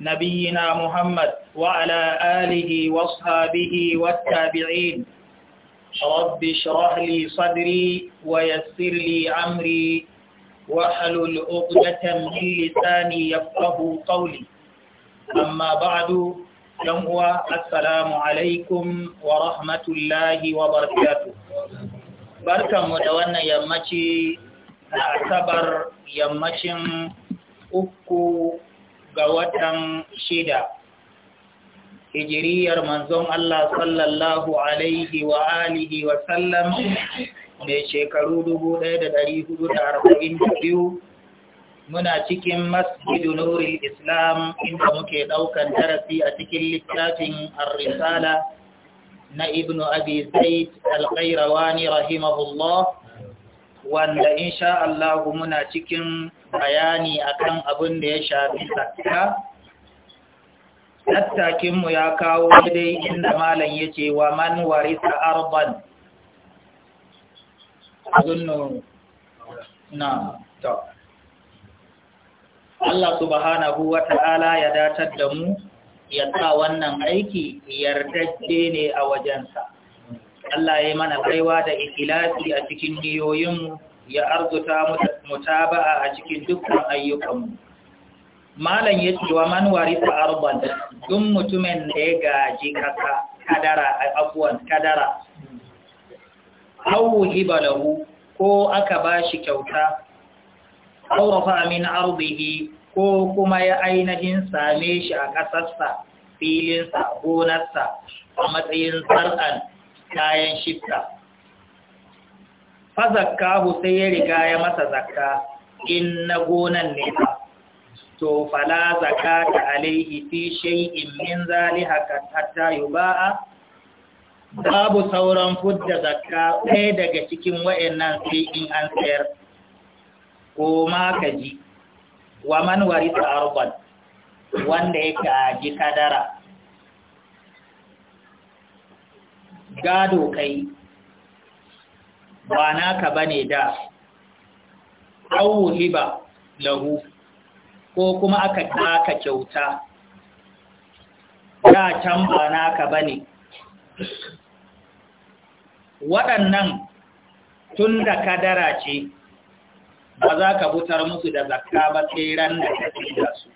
نبينا محمد وعلى آله واصحابه والتابعين رب اشرح لي صدري ويسر لي أمري واحلل عقدة من لساني يفقه قولي أما بعد يوم السلام عليكم ورحمة الله وبركاته بركة مدونة يا wannan yammaci يا asabar أكو ga watan shida hijiriyar manzon Allah sallallahu alaihi wa alihi wa sallam mai shekaru biyu. muna cikin masjidu nuril islam inda muke ɗaukan darasi a cikin littafin ar-risala na ibnu abi zaid al-qayrawani rahimahullah wanda insha Allah muna cikin bayani akan abin da ya shafi zakka mu ya kawo dai inda malam yace wa man warisa arban azunnu na to Allah subhanahu wa ta'ala ya datar da mu ya sa wannan aiki yardajje ne a wajensa Allah ya mana baiwa da ikhlasi a cikin niyoyinmu ya arzuta mutaba'a a cikin dukkan ayyukanmu malam ya wa man warisa arban dun mutumin da ya gaji kasa kadara a abuwan kadara awu hibalahu ko aka ba shi kyauta aurafa min arziki ko kuma ya ainihin same shi a kasarsa filinsa gonarsa a matsayin tsar'an kayan shifta fazakkahu sai ya riga ya masa zakka in na gonan ne ba to fala zakka ta alaihi fi shay'in min zalika hatta yuba'a babu sauran fudda zakka ɗaya daga cikin wayannan sai in an tsayar. ko ma kaji wa man warisa arban wanda ya kaji kadara gado kai ba naka ne da au hiba lahu ko kuma aka taka kyauta ya can ba naka ne. waɗannan tun da kadara ce ba za ka butar musu da zakka ba sai da ka sai su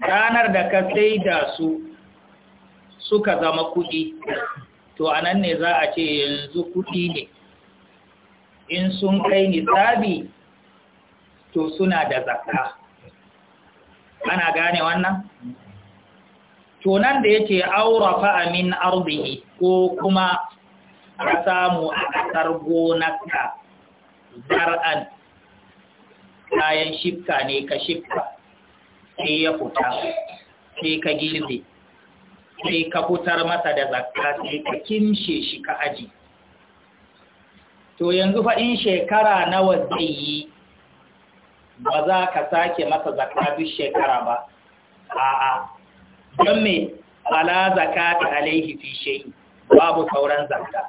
ranar da ka sai da su suka zama kuɗi to a nan ne za a ce yanzu kuɗi ne in sun kai nisabi to suna da zakka ana gane wannan to nan da yake aurafa amin ardihi ko kuma ka samu a ƙasar gonarka zar'an kayan shifka ne ka shifka sai ya fita sai ka girbe sai ka fitar masa da zakka sai ka kimshe shi ka aji to yanzu fa in shekara nawa zai yi ba za ka sake masa zakka duk shekara ba a'a don me ala ta alaihi fi shai babu sauran zakka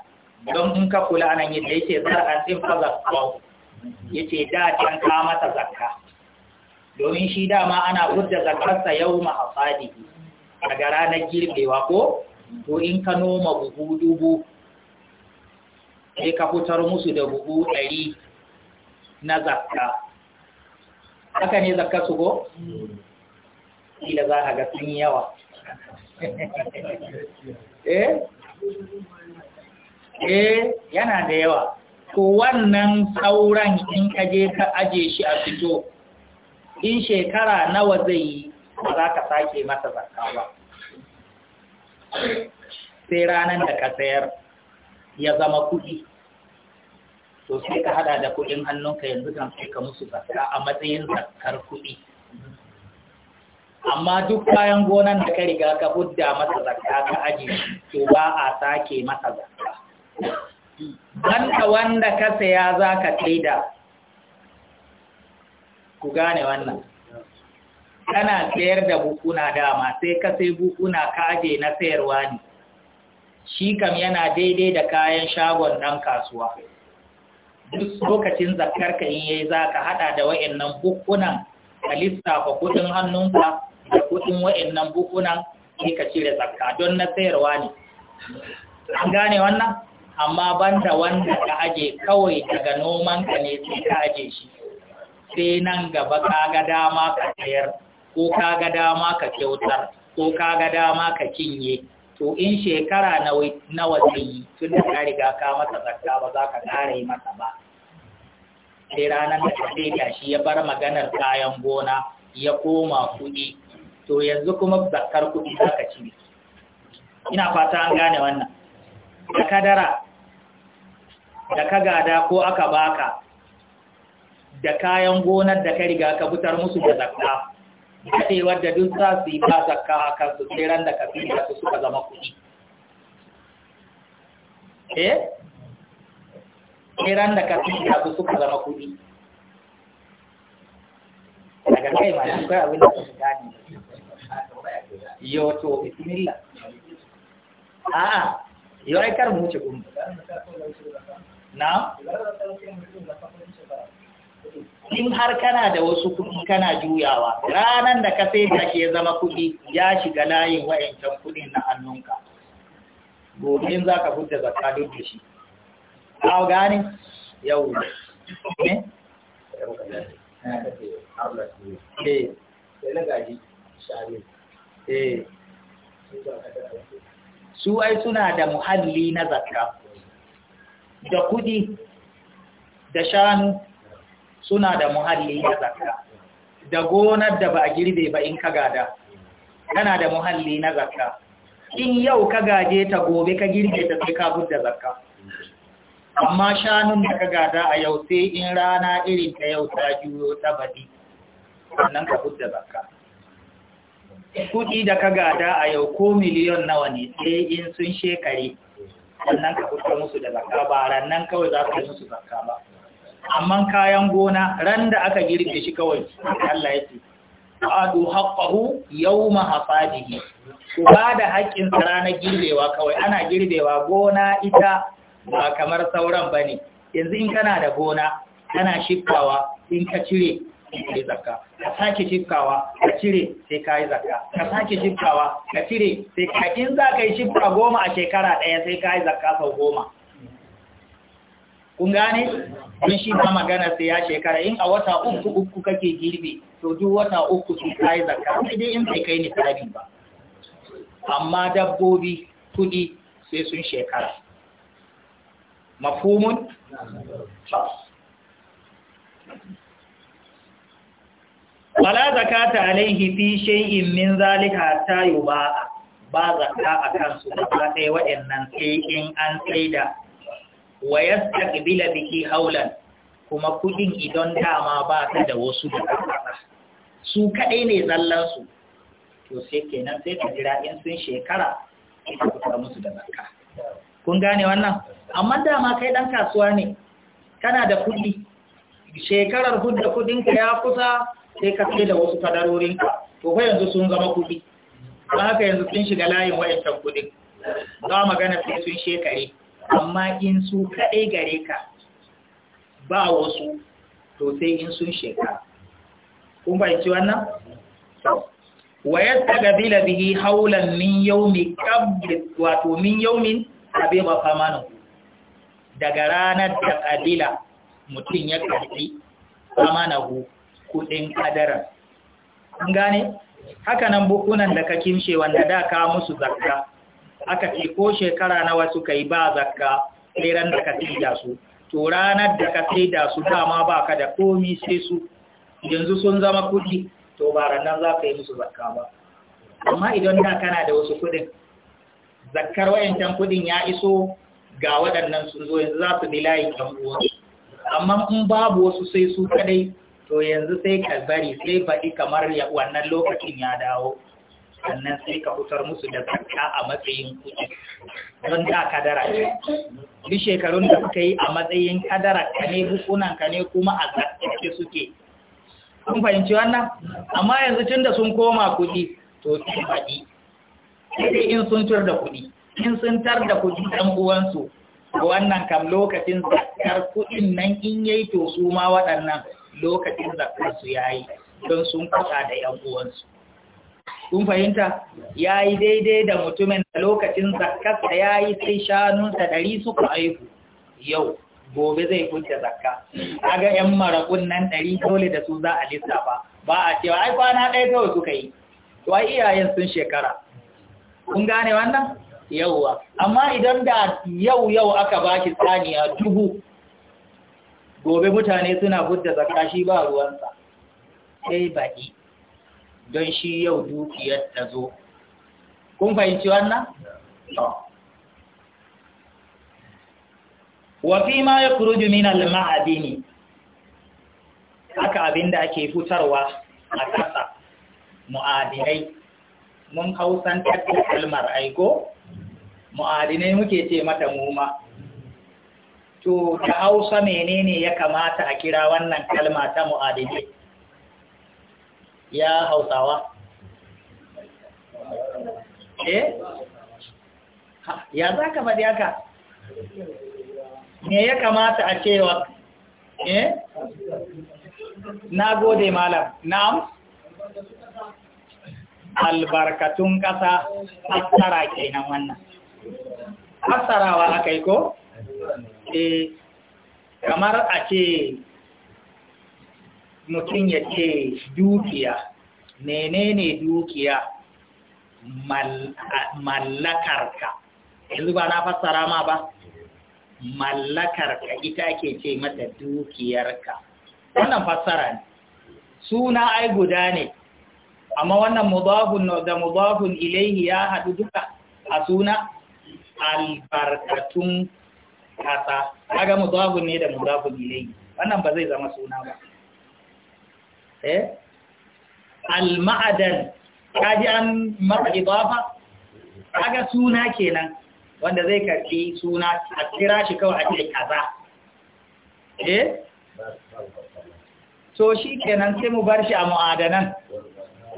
don in ka kula nan yadda yake zar'an din fa zakka yace da can ka masa zakka domin shi dama ana kudda zakkarsa yau ma hasadihi daga ranar girbewa ko ko in ka noma buhu dubu sai ka fitar musu da buhu ɗari na zakka haka ne zakka su ko? ila za a ga sun yawa eh eh yana da yawa Ko wannan sauran in ka je ka aje shi a fito in shekara nawa zai yi kuma za ka sake masa zarka ba sai ranar da ka sayar ya zama kuɗi to sai ka hada da kuɗin hannunka yanzu kan sai ka musu zakka a matsayin zakkar kuɗi amma duk bayan gonan da ka riga ka hudda masa zakka ka aji to ba a sake masa zakka banda wanda ka saya za ka ku gane wannan kana sayar da bukuna dama sai ka sai bukuna aje na sayarwa ne shi kam yana daidai da kayan shagon ɗan kasuwa duk lokacin ka in yayi za ka haɗa da wa'annan bukunan ka lissafa kuɗin hannunka da kuɗin wa'annan bukunan sai ka cire zakka don na sayarwa ne an gane wannan amma banda wanda ka aje kawai daga nomanka ne sai ka aje shi sai nan gaba ka ga dama ka sayar ko ka ga dama ka kyautar ko ka ga dama ka cinye to in shekara nawa zai yi tun da ka riga ka masa zakka ba za ka ƙara yi masa ba sai ranar da ta sai shi ya bar maganar kayan gona ya koma kuɗi to yanzu kuma zakkar kuɗi za ka ci ina fata an gane wannan da kadara da ka gada ko aka baka da kayan gonar da ka riga ka fitar musu da zakka daɗewar da dun za su yi ba zakka a kansu tseren da kafin su suka zama kuɗi eh tseren da kafin su suka zama kuɗi daga kai ma shi kai abin da su gane yoto bismillah a'a yau aikar mu wuce gumba na in har kana da wasu kuɗi kana juyawa ranar da ka sai da shi ya zama kuɗi ya shiga layin wa'ancan kuɗin na hannunka domin za ka fudda zakka duk da shi kawo gani yau ne? Eh. Eh. su ai suna da muhalli na zakka da kuɗi da shanu suna da muhalli na zakka da gonar da ba a girbe ba in ka gada tana da muhalli na zakka in yau ka gaje ta gobe ka girbe ta sai ka da zakka amma shanun da ka gada a yau sai in rana irin ta yau ta juyo ta badi sannan ka da zakka kuɗi da ka gada a yau ko miliyon nawa ne sai in sun shekare sannan ka fito musu da zakka ba rannan kawai za ka yi musu zakka ba amma kayan gona ran da aka girbe shi kawai Allah ya ce adu haqqahu yawma hasadihi ku ba da haƙƙin sa ranar girbewa kawai ana girbewa gona ita ba kamar sauran bane yanzu in kana da gona kana shifkawa in ka cire sai zakka ka sake shifkawa ka cire sai ka yi zakka ka sake shifkawa ka cire sai ka in za ka yi goma a shekara ɗaya sai ka yi zakka sau goma kun gane in shi ba magana sai ya shekara in a wata uku uku kake girbe to duk wata uku su kai zakka sai in sai kai ni tsari ba amma dabbobi kudi sai sun shekara mafhumun wala zakata alaihi fi shay'in min zalika ta yuba ba zakka akan su ba sai waɗannan sai in an tsaida wa yastaqbila biki haulan kuma kudin idan dama ba ta da wasu da su kadai ne zallan to sai kenan sai ka jira in sun shekara ka fitar musu da zakka kun gane wannan amma dama kai dan kasuwa ne kana da kudi shekarar hudda kudinka ya kusa sai ka sai da wasu kadarorinka to fa yanzu sun zama kudi ba haka yanzu sun shiga layin wa'ancan kudin za magana sai sun shekare amma in su kaɗai gare ka ba wasu to sai in sun shekara kun fahimci wannan? wa yadda gabila bihi haulan min yaumi qabli wato min yaumin ba famanu daga ranar da kabila mutum ya karbi famanahu kudin kadara kun gane haka nan bukunan da ka kimshe wanda da ka musu zakka aka ce ko shekara wasu ka yi ba zakka tseren da ka saida su to ranar da ka saida su dama ba ka da komi sai su yanzu sun zama kudi to ba nan za ka yi musu zakka ba amma idan da kana da wasu kudin zakkar wayancan kudin ya iso ga waɗannan sun zo yanzu za su bi layin ɗan amma in babu wasu sai su kadai to yanzu sai ka bari sai baɗi kamar wannan lokacin ya dawo sannan sai ka fitar musu da zakka a matsayin kuɗi don da kadara ce, duk shekarun da suka yi a matsayin kadara ka ne hukunan ka ne kuma a zakkace suke kun fahimci wannan amma yanzu tun da sun koma kuɗi to sun faɗi sai in sun tur da kuɗi in sun tar da kuɗi ɗan uwansu wannan kam lokacin zakar kuɗin nan in yi to su ma waɗannan lokacin zakar su yayi don sun kusa da 'yan uwansu kun fahimta ya yi daidai da mutumin da lokacin zakkarsa ya yi sai shanunsa ɗari suka aiku yau gobe zai kunce zakka ga yan maraƙun nan ɗari dole da su za a lissafa ba a cewa ai kwana ɗaya kawai suka yi Wa iyayen sun shekara kun gane wannan yauwa amma idan da yau yau aka ki saniya dubu gobe mutane suna fudda zakka shi ba ruwansa sai baɗi don shi yau dukiyar ta zo kun fahimci wannan? wafi ma ya kuru min al-ma'adini haka da ake fitarwa a ƙasa mu'adinai mun hausan tattalin kalmar aiko mu'adinai muke ce mata muma to da hausa menene ya kamata a kira wannan kalma ta mu'adinai ya hausawa eh ya za ka faɗi haka me ya kamata a cewa eh na gode malam na'am albarkatun ƙasa fassara kenan wannan fassarawa aka yi ko eh kamar a ce mutum ya ce dukiya menene dukiya mallakarka yanzu ba na fassara ma ba mallakarka ita ke ce mata dukiyarka wannan fassara ne suna ai guda ne amma wannan mubahun da mubahun ilaihi ya haɗu duka a suna albarkatun kasa kaga mubahun ne da mubahun ilaihi wannan ba zai zama suna ba eh al-ma'adan kaji an maka idafa kaga suna kenan wanda zai karbi suna a kira shi kawai a cikin kaza eh so shi kenan sai mu bar shi a mu'adanan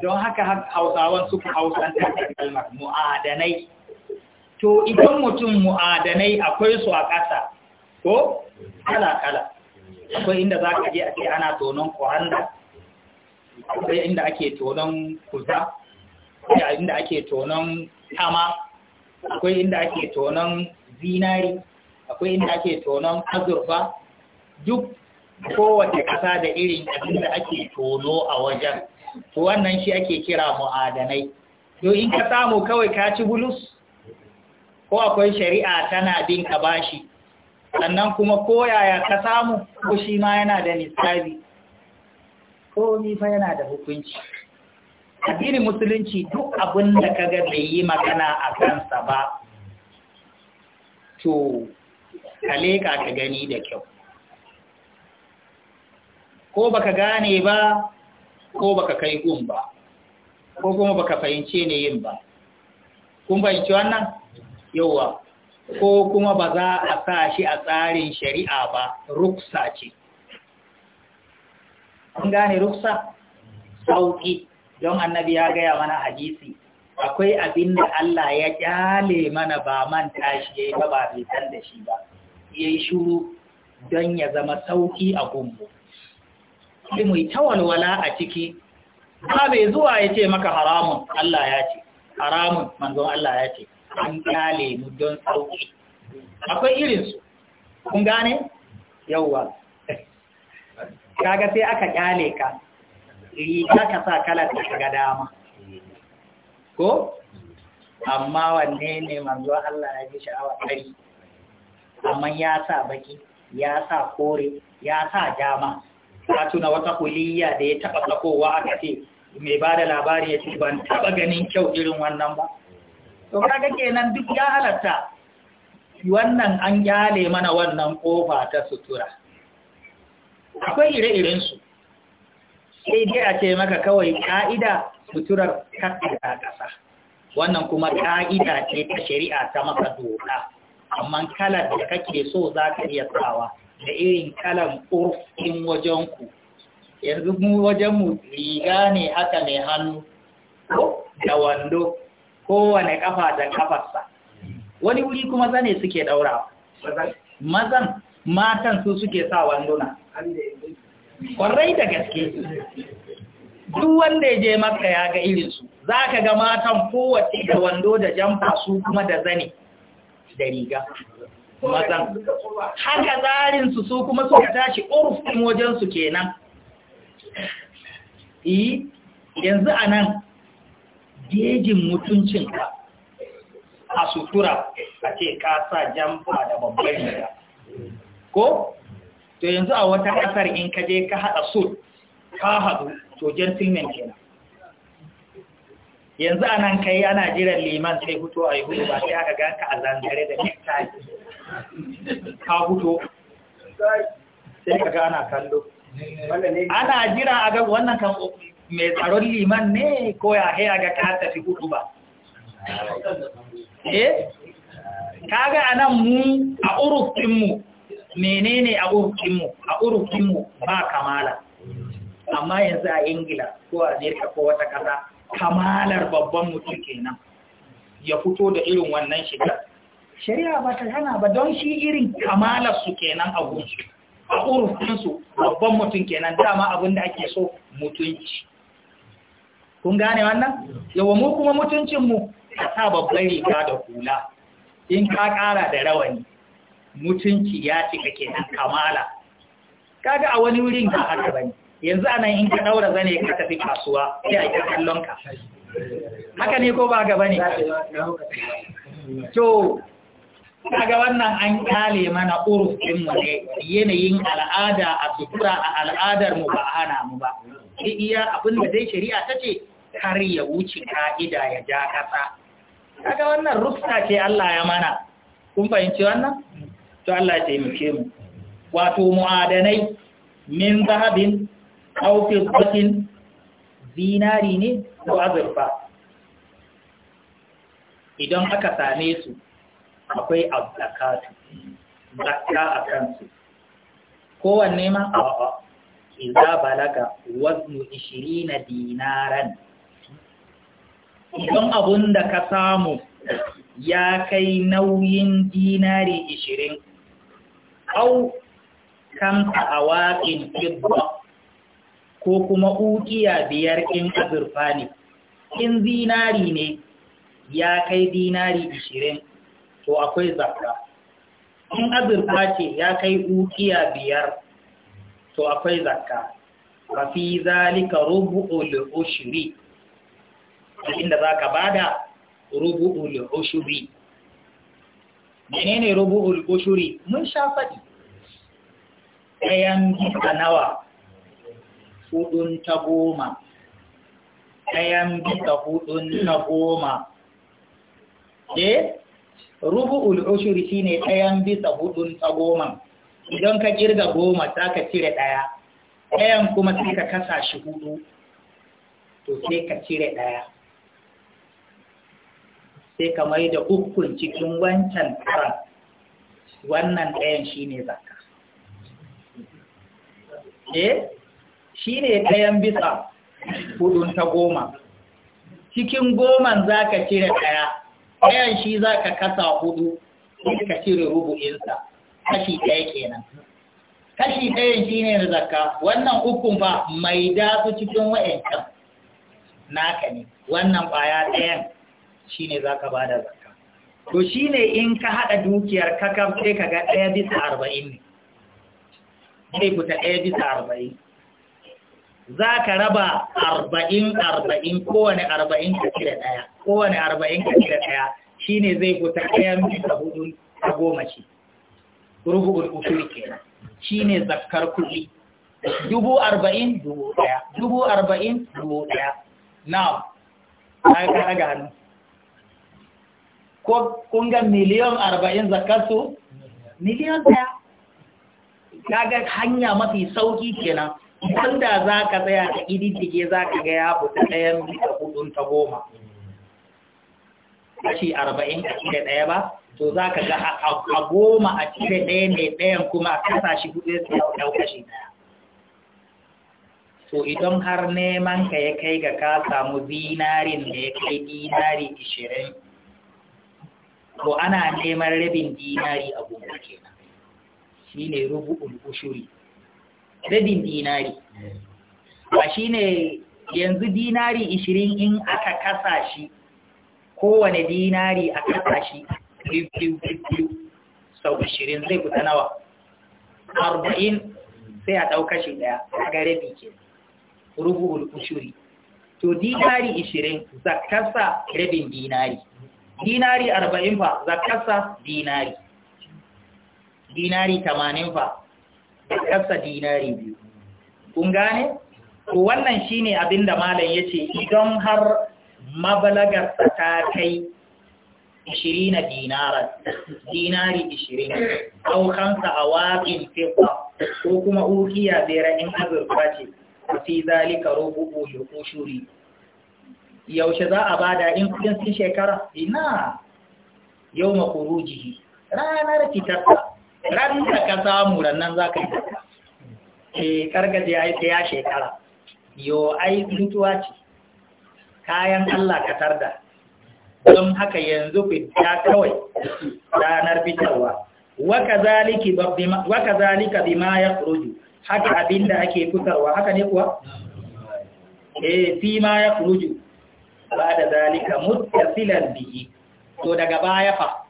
don haka hausawan suka hausan da kalmar mu'adanai to idan mutum mu'adanai akwai su a ƙasa ko kala-kala akwai inda za ka je a ce ana tonon ƙoranda akwai inda ake tonon kusa akwai inda ake tonon tama akwai inda ake tonon zinari akwai inda ake tonon azurfa duk kowace ƙasa da irin abin da ake tono a wajen to wannan shi ake kira mu'adanai to in ka samu kawai ka ci bulus ko akwai shari'a tana bin ka bashi sannan kuma koyaya ka samu ko shi ma yana da nisabi komi fa yana da hukunci addinin musulunci duk abin da ga bai yi magana a kansa ba to kaleka ka gani da kyau ko baka gane ba ko baka kai gun ba ko kuma baka fahimce ne yin ba kun fahimci wannan Yauwa, ko kuma ba za a sa shi a tsarin shari'a ba ruksa ce kun gane ruksa sauki don annabi ya gaya mana hadisi akwai abin da Allah ya kyale mana ba man tashi yi ba ba bai da shi ba Ya yi shuru don ya zama sauki a gumbu sai mai tawalwala a ciki ba bai zuwa ya ce maka haramun Allah ya ce haramun manzon Allah ya ce an kyale mu don sauki akwai irinsu kun gane yauwa kaga sai aka kyale ka riga ka sa kalar da shiga dama ko amma wanne ne manzo Allah ya ji sha'awa kai amma ya sa baki ya sa kore ya sa dama ka tuna wata kuliyya da ya taba sakowa aka ce mai ba da labari ya ce ban taba ganin kyau irin wannan ba to kaga kenan duk ya halatta wannan an kyale mana wannan kofa ta sutura akwai ire-irensu sai dai a ce maka kawai ka'ida suturar kafin a ƙasa wannan kuma ka'ida ce ta shari'a ta maka doka amma kalar da kake so za ka iya sawa da irin kalar ƙurfin wajenku yanzu mu wajenmu riga ne haka mai hannu da wando kowane ƙafa da ƙafarsa wani wuri kuma zane suke ɗaurawa mazan matan su suke sa wanduna kwarai da gaske duk wanda ya je maka ya ga irinsu za ka ga matan kowace da wando da jamfa su kuma da zane da riga mazan haka zarinsu su kuma suka tashi urfin wajensu kenan yi yanzu a nan gejin mutuncinka a sutura a ce ka sa jamfa da babbar riga ko to yanzu a wata ƙasar in ka je ka haɗa sul ka haɗu to gentleman ke yanzu a nan kai ana jiran liman sai hutu a yi ba sai aka ganka a zangare da nektari ka hutu sai ka ga ana kallo ana jira a ga wannan kan mai tsaron liman ne ko ya haya ga ka tafi hudu ba eh kaga anan mu a urufinmu menene a urukinmu a urukinmu ba kamala amma yanzu a ingila ko a amerika ko wata kasa kamalar babban mutum kenan ya fito da irin wannan shiga shari'a ba ta hana ba don shi irin kamalar su kenan a gunsu a urukinsu babban mutum kenan dama abin da ake so mutunci kun gane wannan yawa mu kuma mutuncinmu ka sa babban riga da hula in ka kara da rawani mutunci ya cika kenan kamala kaga a wani wurin ba haka bane yanzu anan in ka daura zane ka tafi kasuwa sai a yi kallon ka haka ne ko ba ga bane to kaga wannan an kale mana urfin mu ne yanayin al'ada a sutura a al'adar mu ba hana mu ba sai iya abin da dai shari'a tace kar ya wuce ka'ida ya ja kasa kaga wannan rufsa ce Allah ya mana kun fahimci wannan to Allah ya taimake mu wato mu'adanai min zahabin aw fiddatin zinari ne ko azurfa idan aka same su akwai zakatu zakka a kansu kowanne ma a'a iza balaga waznu 20 dinaran idan abun da ka samu ya kai nauyin dinari au kamsa awaƙin kibba ko kuma ukiya biyar in azurfa ne in zinari ne ya kai dinari ishirin to akwai zakka in azurfa ce ya kai ukiya biyar to akwai zakka ba fi zalika rubu'ul ushri inda zaka bada rubu'ul ushri menene rubu'u ushri mun sha faɗi ɗayan bisa nawa hudun ta goma ɗayan bisa hudun ta goma eh ul'ushuri shi ne ɗayan bisa hudun ta goma idan ka ƙirga goma za ka cire ɗaya ɗayan kuma sai ka kasa shi hudu to sai ka cire ɗaya sai ka mai da ukun cikin wancan tsaron wannan ɗayan shi ne zaka. eh shi ne ɗayan bisa hudun ta goma cikin goman za ka cire ɗaya ɗayan shi za ka kasa hudu ka cire rubu'insa kashi ɗaya kenan kashi ɗayan shi ne da zakka wannan ukun fa mai dasu cikin wa'yancan naka ne wannan ƙwaya ɗayan shi ne za ka ba da zakka to shi ne in ka haɗa dukiyar kakar sai ka ga ɗaya bisa arba'in ne zai ɗaya bisa arba'in za ka raba arba'in arba'in kowane arba'in ka cire ɗaya kowane arba'in ka cire ɗaya shi ne zai fita ɗayan bisa hudu ta goma ce rubu'ul usul kenan shi ne zakkar kuɗi dubu arba'in dubu ɗaya dubu arba'in dubu ɗaya now na ka ga hannu ko kun ga miliyan arba'in su miliyan ɗaya kaga hanya mafi sauki kenan wanda za ka tsaya ka ƙididdige za ka ga ya fi ɗayan mita hudun ta goma kashi arba'in a cire ɗaya ba to za ka ga a goma a cire ɗaya mai ɗayan kuma a kasa shi hudu ya ɗau kashi ɗaya to idan har neman ka ya kai ga ka samu zinarin da ya kai dinari ishirin to ana neman rabin dinari a goma kenan shi ne rubu'ul ushuri rabin dinari ba shi ne yanzu dinari ishirin in aka kasa shi kowane dinari a kasa shi biyu sau ishirin zai kuta nawa arba'in sai a ɗauka shi ɗaya a gare bikin rubu'ul ushuri to dinari ishirin zakasa rabin dinari dinari arba'in fa zakasa dinari dinari tamanin fa da kasa dinari biyu kun gane Ko wannan shine abin da malam ya ce idan har mabalagarsa ta kai na dinarar? dinari ishirin ɗaukansa a waƙin fifa ko kuma ukiya zera in azurfa ce a fi zalika rububu ko shuri yaushe za a bada in kudin sun shekara ina yau makurujihi ranar fitarsa ranta ka samu rannan za ka yi ke eh, kargaje ya yi ya shekara yo ai mutuwa ce kayan Allah ka tarda don haka yanzu fita kawai ranar fitarwa waka zalika ma ya kuruju haka abinda ake fitarwa haka ne kuwa? E, eh, fi ma ya kuruju ba da zalika filar biyi to daga baya fa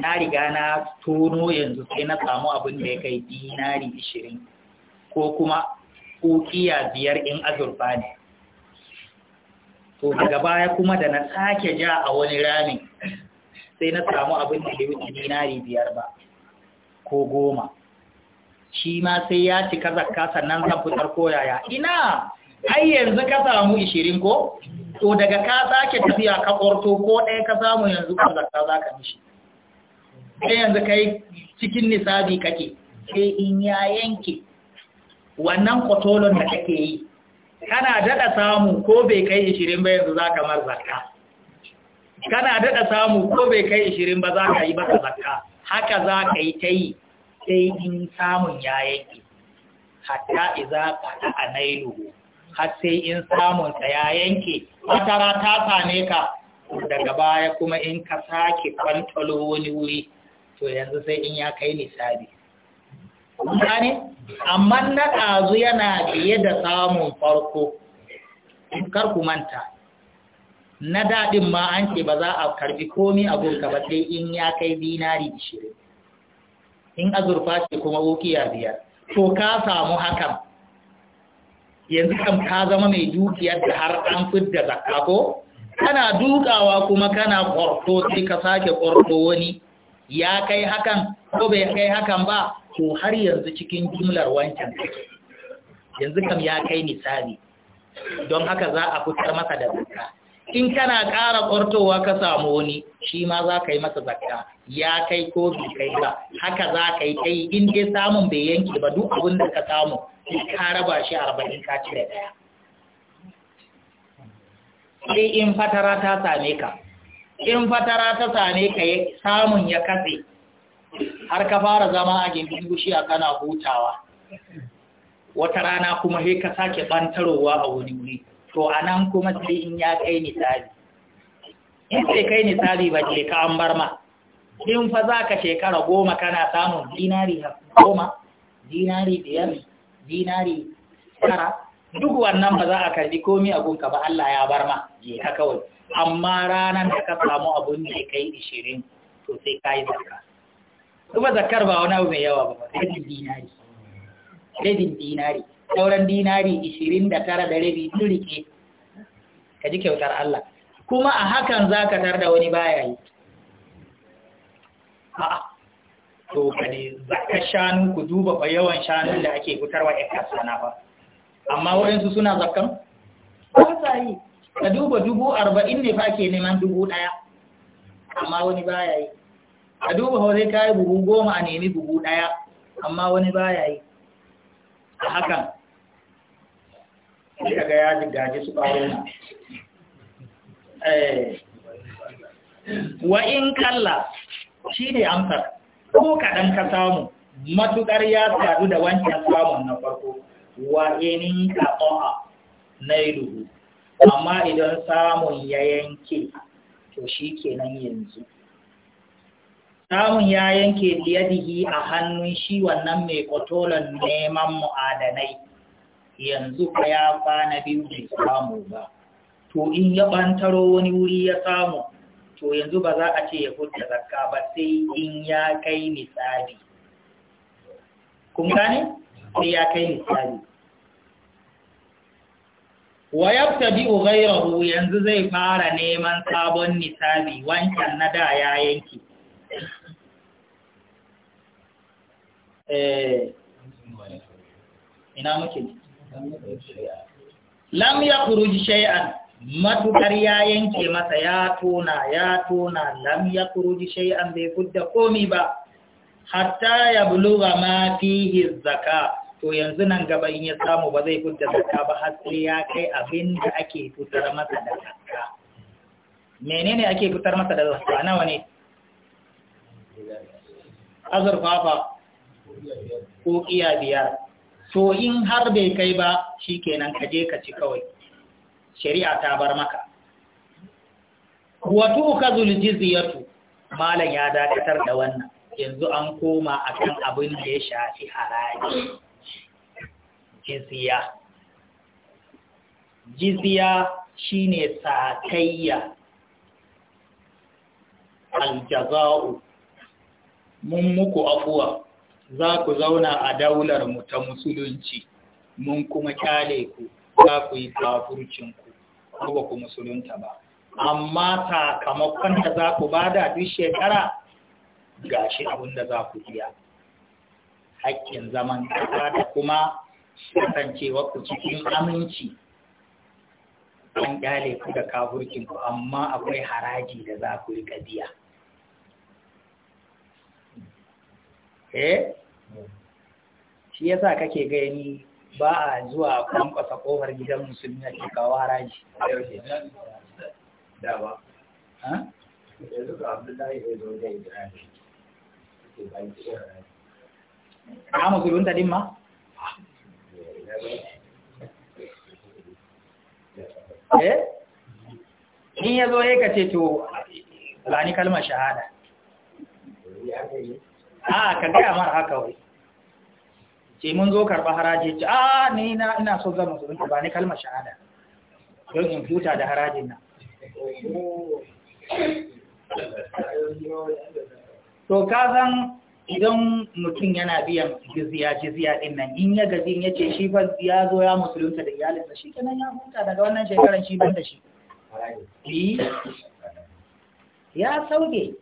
na riga na tono yanzu sai na samu abin da ya kai dinari ishirin ko kuma ƙuƙiya biyar in azurfa ne to daga baya kuma da na sake ja a wani rami sai na samu abin da ya wuce dinari biyar ba ko goma shi ma sai ya cika zakka sannan zan fitar koyaya ina ai yanzu ka samu ishirin ko to daga ka sake tafiya ka ƙorto ko ɗaya ka samu yanzu ka zakka za ka mishi sai yanzu kai cikin nisabi kake sai in ya yanke wannan kwatolon da kake yi kana daɗa samu ko bai kai ishirin ba yanzu za ka mar zakka kana daɗa samu ko bai kai ishirin ba za ka yi ba zakka haka za ka yi ta yi sai in samun ya yanke hatta iza ta a nailu har sai in samunsa ya yanke matara ta same ka daga baya kuma in ka sake kwantalo wani wuri to yanzu sai in ya kai nisabi gane amma na ɗazu yana biye da samun farko kar ku manta na daɗin ma an ce ba za a karɓi komi a gurka ba sai in ya kai dinari ishirin in azurfa ce kuma wukiya biyar to ka samu hakan yanzu kam ka zama mai dukiyar da har an fidda zakka ko kana dukawa kuma kana kwarto sai ka sake ƙwarto wani ya kai hakan ko bai kai hakan ba ko har yanzu cikin jumlar wancan yanzu kam ya kai misali don haka za a fitar masa da zakka in kana ƙara ƙwartowa ka samu wani shi ma za ka yi masa zakka ya kai ko bai kai ba haka za ka yi kai in dai samun bai yanke ba duk abin da ka samu ka raba shi arba'in ka cire ɗaya sai in fatara ta same ka in fatara ta same ka yi samun ya katse har ka fara zama a gindin bushiya kana hutawa wata rana kuma he ka sake bantarowa a wani wuri to a nan kuma sai in ya kai nisali in sai kai nisali ba ce ka an bar ma in fa za ka shekara goma kana samun dinari goma dinari biyar dinari tara duk wannan ba za a karbi komi abunka ba Allah ya bar ma je ka kawai amma ranar da ka samu abun da kai 20 to sai ka yi zakka kuma zakkar ba wani abu mai yawa ba sai dinari sai dinari sauran dinari 29 da rabi duk rike ka ji kyautar Allah kuma a hakan za ka tar da wani baya yi a'a to ka zakka shanu ku duba ba yawan shanun da ake fitarwa ƴan kasuwa ba amma waɗansu suna zakkan ba sa yi ka duba dubu arba'in ne fa ke neman dubu ɗaya amma wani baya yi ka duba hore ka yi buhu goma a nemi buhu ɗaya amma wani baya yi a hakan sai ga ya gaji su ɓarona eh. wa in kalla shi ne amsar ko kaɗan ka samu matuƙar ya sadu da wancan samun na farko wa inin na nailuhu amma idan samun ya yanke to shi kenan yanzu samun ya yanke biyadihi a hannun shi wannan mai kotolan neman mu'adanai yanzu ka ya kwana biyu bai samu ba to in ya bantaro wani wuri ya samu to yanzu ba za a ce ya fita zakka ba sai in ya kai misali. kun gane sai ya kai misali wa yabtadi ghayruhu yanzu zai fara neman sabon nisabi wancan na da ya yanki eh ina muke lam yakhruj shay'an matukar ya yanke masa ya tona ya tona lam yakhruj shay'an bai fudda komi ba hatta ya buluga ma fihi zakat to yanzu nan gaba in ya samu ba zai fita zakka ba har sai ya kai abin da ake fitar masa da zakka menene ake fitar masa da zakka nawa ne azurfafa ko iya biyar to in har bai kai ba shi kenan ka je ka ci kawai shari'a ta bar maka wato ka zuljiziyatu malam ya dakatar da wannan yanzu an koma akan abin da ya shafi haraji jiziya jizya shine satayya aljaza'u mun muku afuwa za ku zauna a daular mu ta musulunci mun kuma kyale ku za ku yi kafurcin ku ba ku musulunta ba amma sakamakon da za ku bada duk shekara gashi abin da za ku iya. haƙƙin zaman ƙasa da kuma kasancewa ku cikin aminci an kyale ku da kafurkin ku amma akwai haraji da za ku riƙa biya eh shi yasa kake gani ba a zuwa kwankwasa kofar gidan musulmi a kawo haraji da ba a musulunta din ma? eh in yazo zo kace to ba kalmar shahada a ka gaya mara haka wai ce mun zo karɓa haraji ce a ni na ina so zama su ba ni kalmar shahada don in huta da harajin nan to ka san idan mutum yana biyan jiziya jiziya din nan in ya gazi ya ce shi fa ya zo ya musulunta da iyalinsa shi kenan ya huta daga wannan shekaran shi ban da shi ya sauke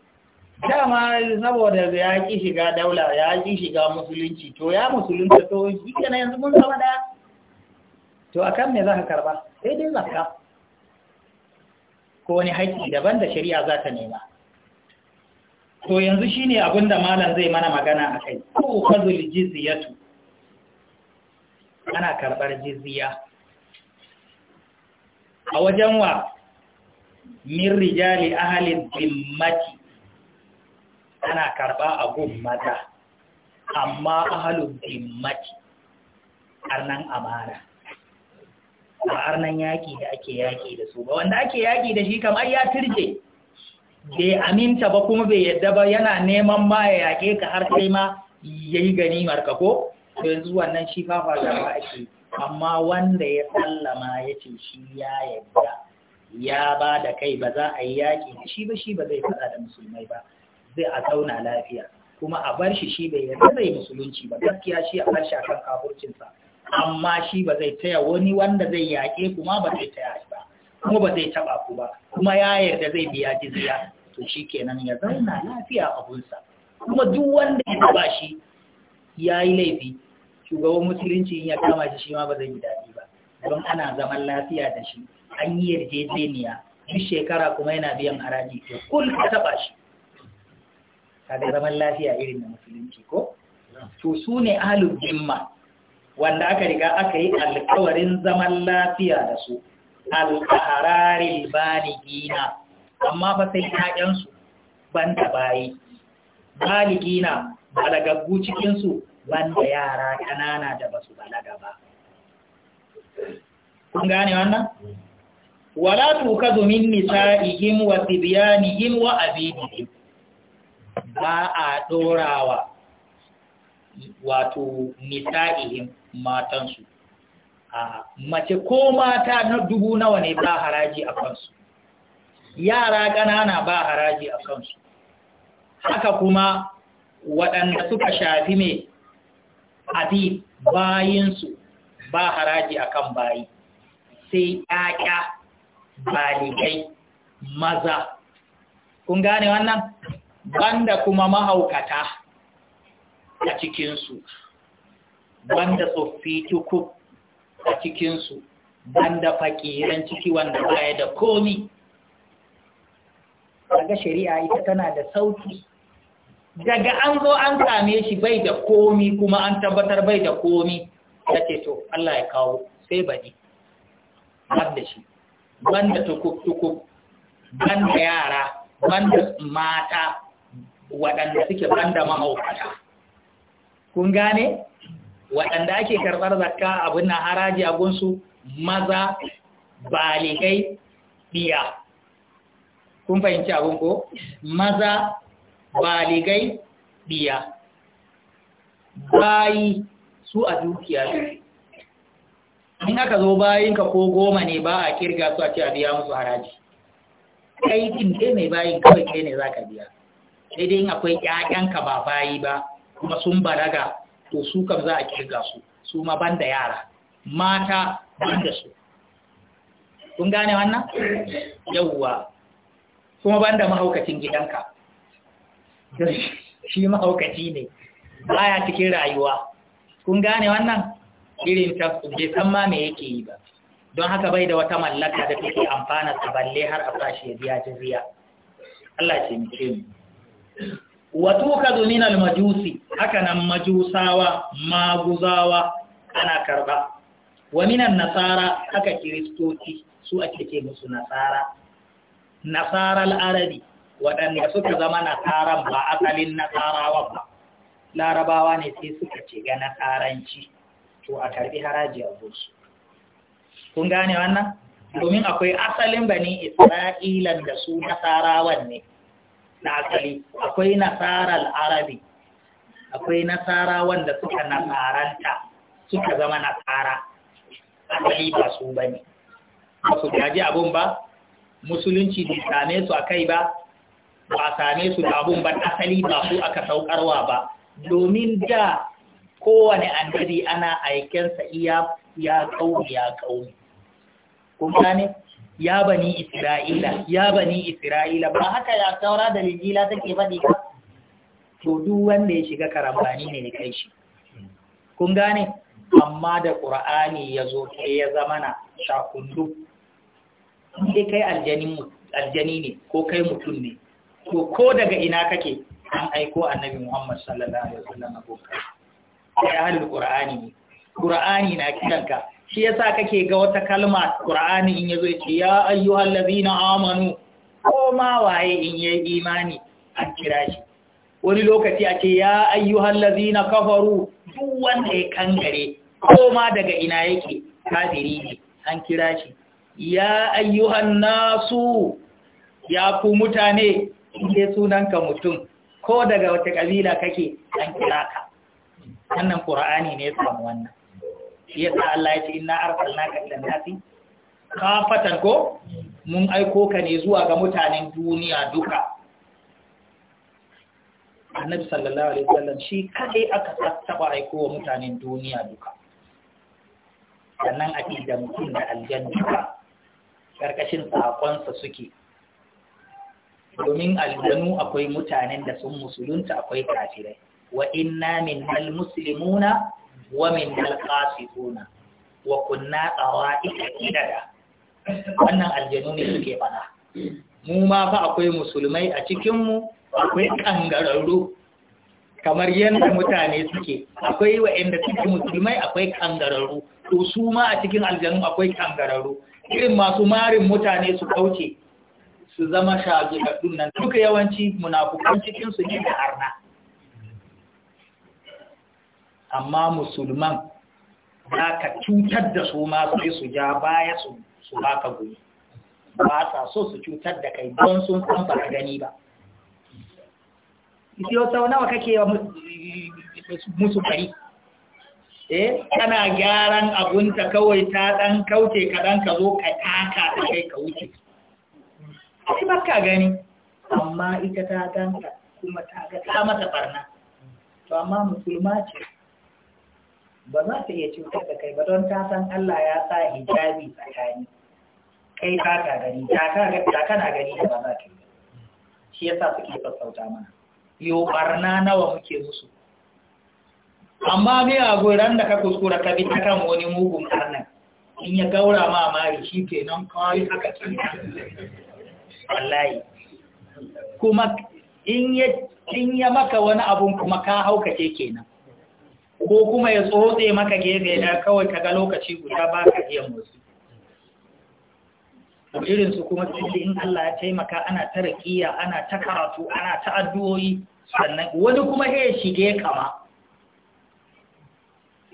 dama saboda ya ƙi shiga daula ya ƙi shiga musulunci to ya musulunta to shi kenan yanzu mun zama daya to akan me za ka karba sai dai zakka ko wani haƙƙi daban da shari'a za ta nema to yanzu shine abin da malam zai mana magana a kai ko fazul jizyatu ana karɓar jizya a wajen wa min rijali ahalin zimmati ana karɓa a gummata amma ahalin zimmati arnan amara ba arnan yaƙi da ake yaƙi da su ba wanda ake yaƙi da shi kamar ya turje bai aminta ba kuma bai yadda ba yana neman ma ya yaƙe ka har sai ma ya yi gani marka ko yanzu wannan shi fafa da ba ake amma wanda ya sallama ya ce shi ya yadda ya ba da kai ba za a yi yaƙi shi ba shi ba zai faɗa da musulmai ba zai a zauna lafiya kuma a bar shi shi bai yadda zai musulunci ba gaskiya shi a bar shi akan kafurcinsa amma shi ba zai taya wani wanda zai yaƙe kuma ba zai taya kuma ba zai taba ku ba kuma ya yarda zai biya jizya to shikenan ya zauna lafiya a abunsa kuma duk wanda ya taba shi ya yi laifi shugaban musulunci ya kama shi shi ma ba zai yi daɗi ba don ana zaman lafiya da shi an yi yarjejeniya duk shekara kuma yana biyan haraji to kul ka taba shi kaga zaman lafiya irin na musulunci ko to su ne ahlul jimma wanda aka riga aka yi alkawarin zaman lafiya da su al-ahararin baligina amma fasai sai ƴaƴansu banda bayi baligina balagaggu cikinsu banda yara ƙanana da basu balaga ba kun gane wannan wala tukadu min nisa'ihim wa tibyanihim wa abidihim ba a dorawa wato nisa'ihim matansu mace ko mata na dubu nawa ne ba haraji a kansu yara ƙanana ba haraji a kansu haka kuma waɗanda suka shafi mai abi bayinsu ba haraji a kan bayi sai ƴaƴa baligai maza kun gane wannan banda kuma mahaukata a cikinsu banda tsoffi tukub a cikinsu banda fakiran ciki wanda baya da komi daga shari'a ita tana da sauki daga an zo an same shi bai da komi kuma an tabbatar bai da komi Ta ce to Allah ya kawo sai baɗi Ban da shi banda tukuk-tukuk banda yara banda mata waɗanda suke banda mahaukata kun gane waɗanda ake karɓar zakka abin na haraji a gunsu maza baligai biya kun fahimci abin ko maza baligai biya bayi su a dukiya su in aka zo bayinka ko goma ne ba a kirga su a ce a biya musu haraji kai din ke mai bayin kawai ke ne za ka biya sai dai in akwai ƴaƴanka ba bayi ba kuma sun balaga to su kam za a kirga su su ma banda yara mata banda su kun gane wannan yawwa kuma banda mahaukacin gidanka shi mahaukaci ne baya cikin rayuwa kun gane wannan irin ta bai san ma me yake yi ba don haka bai da wata mallaka da take amfana ta balle har a fashe ya biya riya. Allah ya ce mu wato ka min al-majusi haka nan majusawa maguzawa ana karba wa minan nasara haka kiristoci su ake ce musu nasara nasara al waɗanda suka zama nasaran ba asalin nasarawa ba larabawa ne sai suka ce ga nasaranci to a karbi haraji a gusu kun gane wannan domin akwai asalin bani isra'ilan da su nasarawan ne na asali akwai nasarar arabi akwai nasara wanda suka nasaranta suka zama nasara asali ba su ba ne ba su gaji abun ba musulunci bai same su a kai ba ba same su da abun ba asali ba su aka saukarwa ba domin da kowane annabi ana aikensa iya ya kauni ya kauni kuma ne? ya bani isra'ila ya bani isra'ila ba haka ya saura da lijila take faɗi ka to duk wanda ya shiga karambani ne ne kai shi kun gane amma da qur'ani ya zo sai ya zama na shakundu sai kai aljani ne ko kai mutum ne to ko daga ina kake an aiko annabi muhammad sallallahu alaihi wasallam abokan sai ahalul qur'ani ne ƙura'ani na kiranka shi yasa kake ga wata kalma Qur'ani in yazo yace ya ayyuhal ladina amanu ko ma waye in yayi imani a kira shi wani lokaci a ya ayyuhal ladina kafaru duk wanda ya kangare ko ma daga ina yake kafiri ne an kira shi ya ayyuhan nasu ya ku mutane ke sunanka mutum ko daga wata kabila kake an kira ka wannan Qur'ani ne ya samu wannan shi yasa Allah ya ce inna arsalnaka ila nasi kafatan ko mun aiko ka ne zuwa ga mutanen duniya duka annabi sallallahu alaihi wasallam shi kai aka taba aiko wa mutanen duniya duka sannan a da mutum da aljanna karkashin sakonsa suke domin aljanu akwai mutanen da sun musulunta akwai kafirai wa inna min al muslimuna wa min alqasifuna wa kunna ita idada wannan aljanu ne suke fada mu ma fa akwai musulmai a cikin mu akwai kangararru kamar yadda mutane suke akwai wa'anda suke musulmai akwai kangararru to su ma a cikin aljanu akwai kangararru irin masu marin mutane su kauce su zama shagidaddun nan duka yawanci munafukan cikin su ne da arna amma musulman za ka cutar da su ma yi su ja baya su haka guri ba sa so su cutar da kai don sun san ba gani ba yau sau nawa kake wa musu bari eh kana gyaran abunta kawai ta dan kauce ka dan ka zo ka taka ta kai ka wuce ba baka gani amma ita ta ka kuma ta ga ta mata barna to amma musulma ce ba za ta iya cutar da kai ba don ta san Allah ya sa hijabi tsakani kai ta ka gani ta kana gani da ba za ta yi shi ya sa suke sassauta mana yau barna nawa muke musu amma me a ran da ka kuskura ka bi ta kan wani mugun karnan in ya gaura ma mari shi ke nan kawai haka ce wallahi kuma in ya maka wani abun kuma ka haukace kenan ko kuma ya tsotse maka gefe da kawai ga lokaci guda ba ka iya motsi irinsu kuma in Allah ya taimaka ana ta rakiya ana ta karatu ana ta addu'o'i sannan wani kuma ya shige kama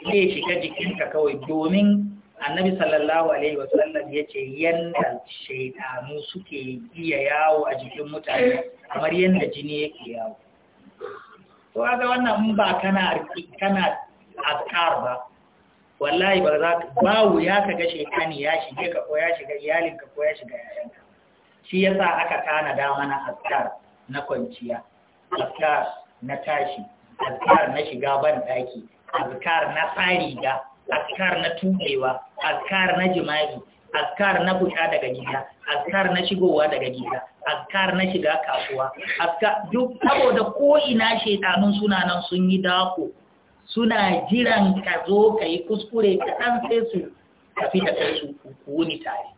ya shiga jikinka kawai domin annabi sallallahu alaihi wasallam ya ce yadda shaidanu suke iya yawo a jikin mutane kamar yadda jini yake yawo to ga wannan in ba kana kana askar ba wallahi ba za ka ba wuya ka ga shekani ya shige ka ko ya shiga iyalinka ko ya shiga yayanka shi yasa aka da mana askar na kwanciya askar na tashi askar na shiga ban daki na da askar na tubewa askar na jima'i askar na fita daga gida askar na shigowa daga gida askar na shiga kasuwa aska duk saboda ko ina shedanun suna nan sun yi dako suna jiran ka zo ka yi kuskure ka dan sai su tafi da kai su wuni tare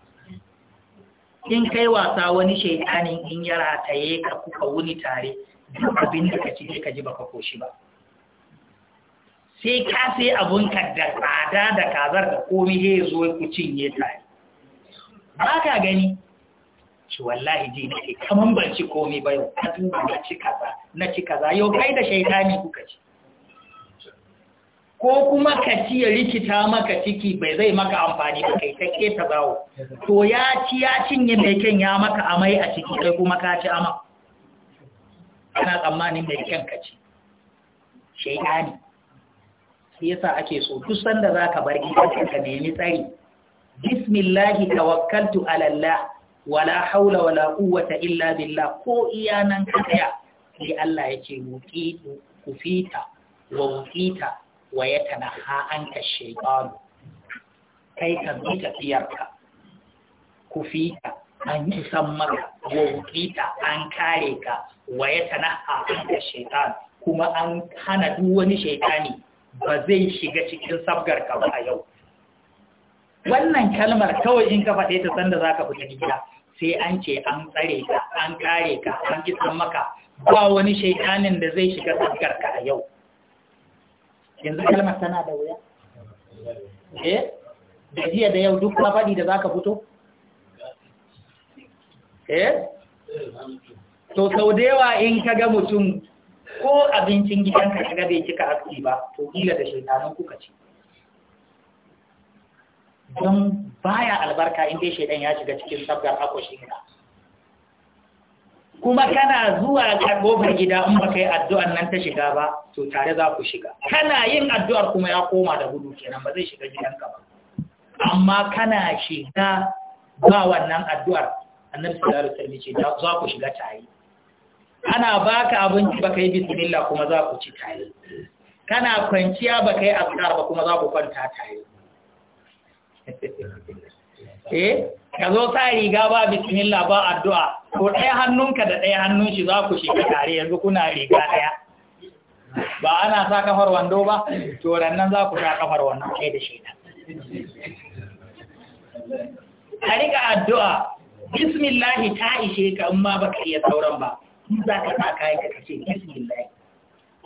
in kai wasa wani shedanin in ya rataye ka kuka wuni tare duk abin da ka ci ka ji baka koshi ba sai ka sai abun ka da tsada da kazar da komai ya zo ku cinye tare ba ka gani ce wallahi ji ke. kaman ban ci komai ba yau na na ci kaza na ci kaza yau kai da shaitani kuka ci ko kuma ka ci ya rikita maka ciki bai zai maka amfani ba kai take ta zawo to ya ci ya cinye mai kyan ya maka amai a ciki kai kuma ka ci ama Ana tsammanin mai kyan ka ci shaidani shi yasa ake so duk sanda ka bar gidanka ka nemi tsari bismillahi tawakkaltu ala Allah wala haula wala quwwata illa billah ko iya nan kaya sai Allah ya ce muqitu kufita wa muqita wa yatanaha anka shaytan kai ka bi tafiyarka kufita an yi san maka wa muqita an kare ka wa yatanaha anka shaytan kuma an hana duk wani shaytani ba zai shiga cikin sabgarka ba a yau wannan kalmar kawai in ka faɗe ta sanda za ka fita gida sai an ce an tsare ka an kare ka an kisan maka ba wani shaitanin da zai shiga tsakar ka a yau yanzu kalmar tana da wuya eh da jiya da yau duk na fadi da zaka fito eh to sau da yawa in ka ga mutum ko abincin gidanka kaga bai kika aski ba to kila da shaitanin kuka ce don baya albarka in dai shaidan ya shiga cikin sabgar ka, kuma kana zuwa kofar gida in baka yi addu'ar nan ta shiga ba to tare za ku shiga kana yin addu'ar kuma ya koma da gudu kenan ba zai shiga gidanka ba amma kana shiga ba wannan addu'ar annabi sallallahu alaihi wasallam ce za ku shiga tare ana baka abinci baka yi bismillah kuma za ku ci tare kana kwanciya baka yi azkar ba kuma za ku kwanta tare eh ka zo sa riga ba bismillah ba addu'a ko ɗaya hannunka da ɗaya hannun shi za ku shiga tare yanzu kuna riga ɗaya ba ana sa kafar wando ba to rannan za ku sa kafar wando kai da shi a riga addu'a bismillahi ta ishe ka in ma baka iya sauran ba in za ka sa kayan ka ce bismillah.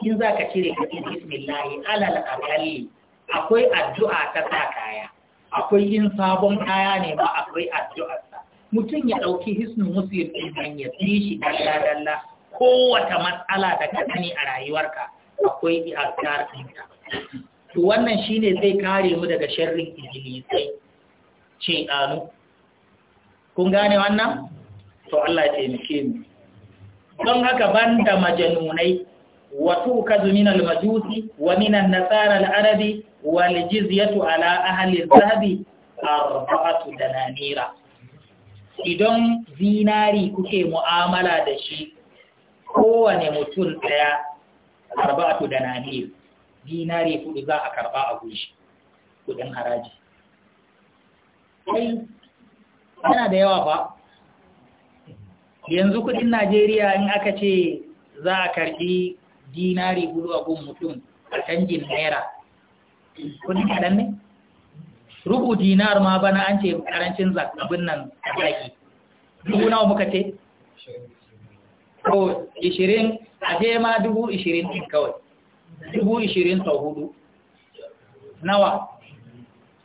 in za ka cire ka ce bismillah alal akalli akwai addu'a ta sa kaya akwai in sabon kaya ne ba akwai addu'arsa mutum ya ɗauki hisnu muslim ɗin ya fi shi dalla-dalla kowace matsala da ka sani a rayuwarka akwai azkar ɗinka to wannan shine zai kare mu daga sharrin ibilisai ce ɗanu kun gane wannan to Allah ya taimake mu don haka banda majanunai وتؤكد من arabi ومن النصارى jizyatu ala ahli al-zahabi arba'atu dananira idan zinari kuke mu'amala da shi kowane mutum ɗaya arba'atu dananira zinari kuɗi za a karɓa a gushi kuɗin haraji kai yana da yawa ba yanzu kuɗin Najeriya in aka ce za a karbi dinari hudu a gun mutum a canjin naira kudin kaɗan ne rubu dinar ma bana an ce karancin zakabin nan zaki dubu nawa muka ce ko ishirin a je ma dubu ishirin ɗin kawai dubu ishirin sau hudu nawa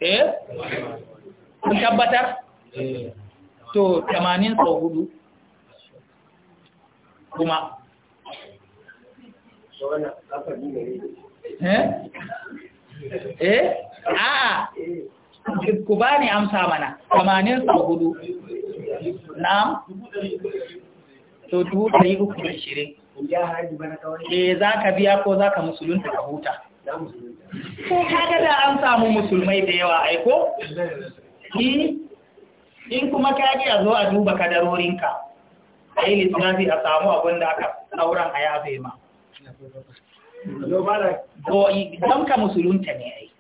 eh kun tabbatar to tamanin sau hudu kuma Eh? eh a'a ku ba ni amsa mana kamanin su hudu Na'am? to dubu ɗari uku da shirin eh za ka biya ko za ka musulunta ka huta ko kaga da an samu musulmai da yawa aiko in kuma ka ji a zo a duba kadarorinka a yi littafi a samu abin da aka sauran a yafe ma don ka musulunta ne ai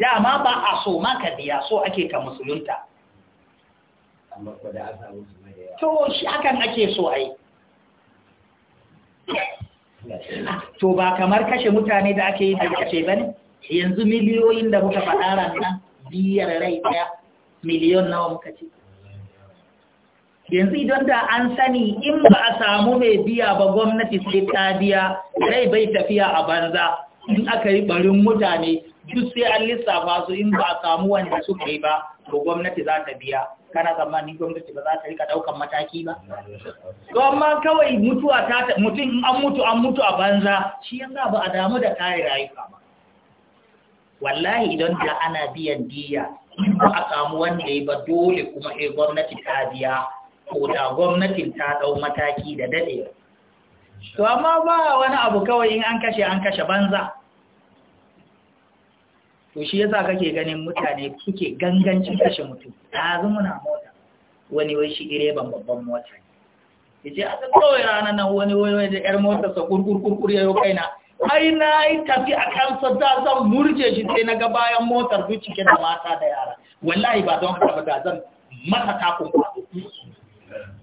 dama ba a so maka biya so ake ka musulunta to shi hakan ake so ai to ba kamar kashe mutane da ake yi da kashe ba ne yanzu miliyoyin da muka faɗa ran nan biyar rai ɗaya miliyon nawa muka ce yanzu idan da an sani in ba a samu mai biya ba gwamnati sai ta biya rai bai tafiya a banza in aka yi barin mutane duk sai an lissafa su in ba a samu wanda suka yi ba to gwamnati za ta biya kana zamani gwamnati ba za ta rika daukan mataki ba to amma kawai mutuwa ta mutum an mutu an mutu a banza shi yanzu ba a damu da kare rayuka ba wallahi idan da ana biyan diya ba a samu wanda ya ba dole kuma eh gwamnati ta biya ko gwamnatin ta ɗau mataki da daɗewa to amma ba wani abu kawai in an kashe an kashe banza to shi yasa kake ganin mutane suke gangancin kashe mutum ɗazu muna mota wani wai shi direban babban mota ne a ce kawai ranar nan wani wai da yar motarsa kurkurkurkur ya yi kaina ai na yi tafi a kansa da zan murje shi sai na ga bayan motar duk cike da mata da yara wallahi ba don haka ba zan masa takun ba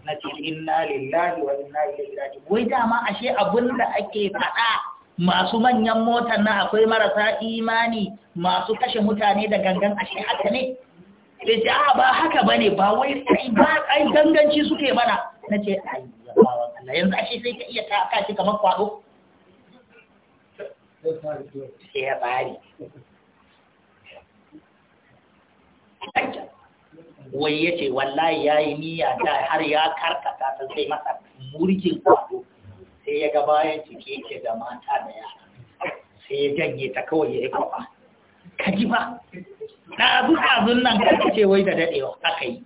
na ce inna lillahi wa inna ilaihi raji'un wai dama ashe abin da ake faɗa masu manyan mota na akwai marasa imani masu kashe mutane da gangan ashe haka ne sai ce a ba haka bane ba wai sai ba ai ganganci suke mana na ce ai Allah yanzu ashe sai ka iya taka shi kamar kwado sai ya bari wai ya ce wallahi ya yi niyya da har ya karkata ta zai masa murgin kwado sai ya gaba ya cike ke da mata da yara sai ya janye ta kawai ya yi kwaba ka ji ba ɗazu ɗazun nan ka ce wai da daɗewa aka yi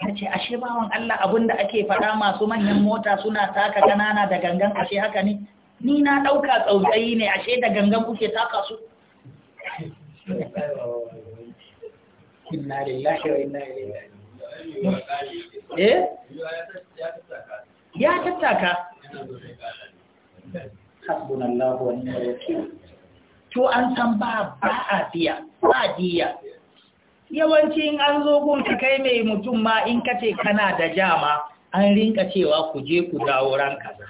ta ce ashe bawan Allah abinda ake faɗa masu manyan mota suna taka ƙanana da gangan ashe haka ne ni na ɗauka tsautsayi ne ashe da gangan kuke taka su inna lillahi wa inna ilaihi eh ya tattaka hasbunallahu wa ni'mal wakeel to an san ba ba a biya ba diya yawanci in an zo gunka kai mai mutum ma in kace kana da jama an rinka cewa ku je ku dawo ranka. kaza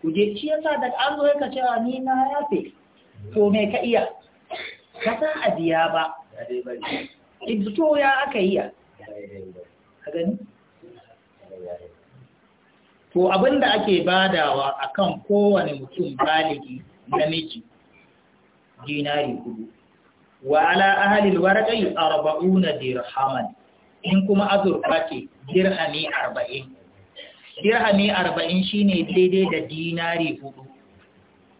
ku je shi da an zo yaka cewa ah, ni na yafe to me ka iya kasa a biya ba ibto ya aka yi a gani to abinda ake badawa akan kowane mutum baligi namiji dinari kudu wa ala ahalil warqai 40 dirhaman in kuma azurfa ce dirhami 40 dirhami 40 shine daidai da dinari hudu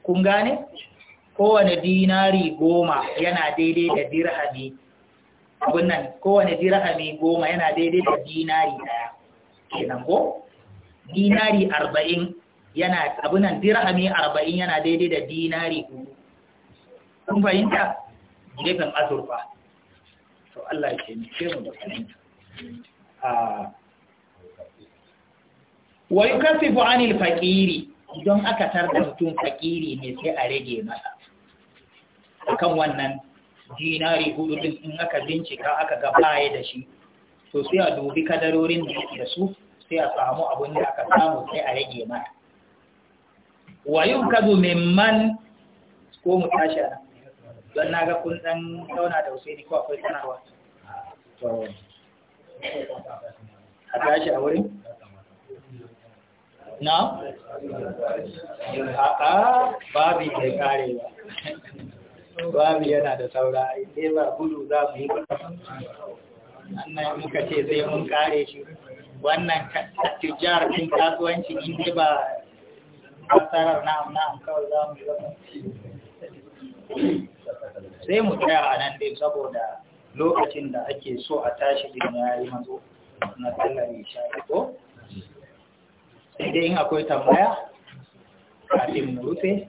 kun gane kowane dinari goma yana daidai da dirhami abinnan kowane dirhami goma yana daidai da dinari daya kenan ko dinari arba'in yana abunan dirhami arba'in yana daidai da dinari hudu kun fahimta gefen azurfa to Allah ya ce mu ce mu da fahimta wa yukasifu anil faqiri idan aka tarda mutum fakiri ne sai a rage masa akan wannan dinari hudu din in aka bincika aka ga da shi to sai a dubi kadarorin da yake da su sai a samu abin da aka samu sai a rage mata wa yukadu mimman ko mu tashi a don na ga kun dan zauna da Husaini ko akwai sanarwa a tashi a wurin na a babu ke karewa babu yana da saura sai ba gudu za mu yi ba muka ce sai mun kare shi wannan tijjar din kasuwanci in dai ba kasarar na na kawai za mu yi sai mu tsaya a nan dai saboda lokacin da ake so a tashi din ya yi mazo na tsallar isha ko sai dai in akwai tambaya kafin mu rufe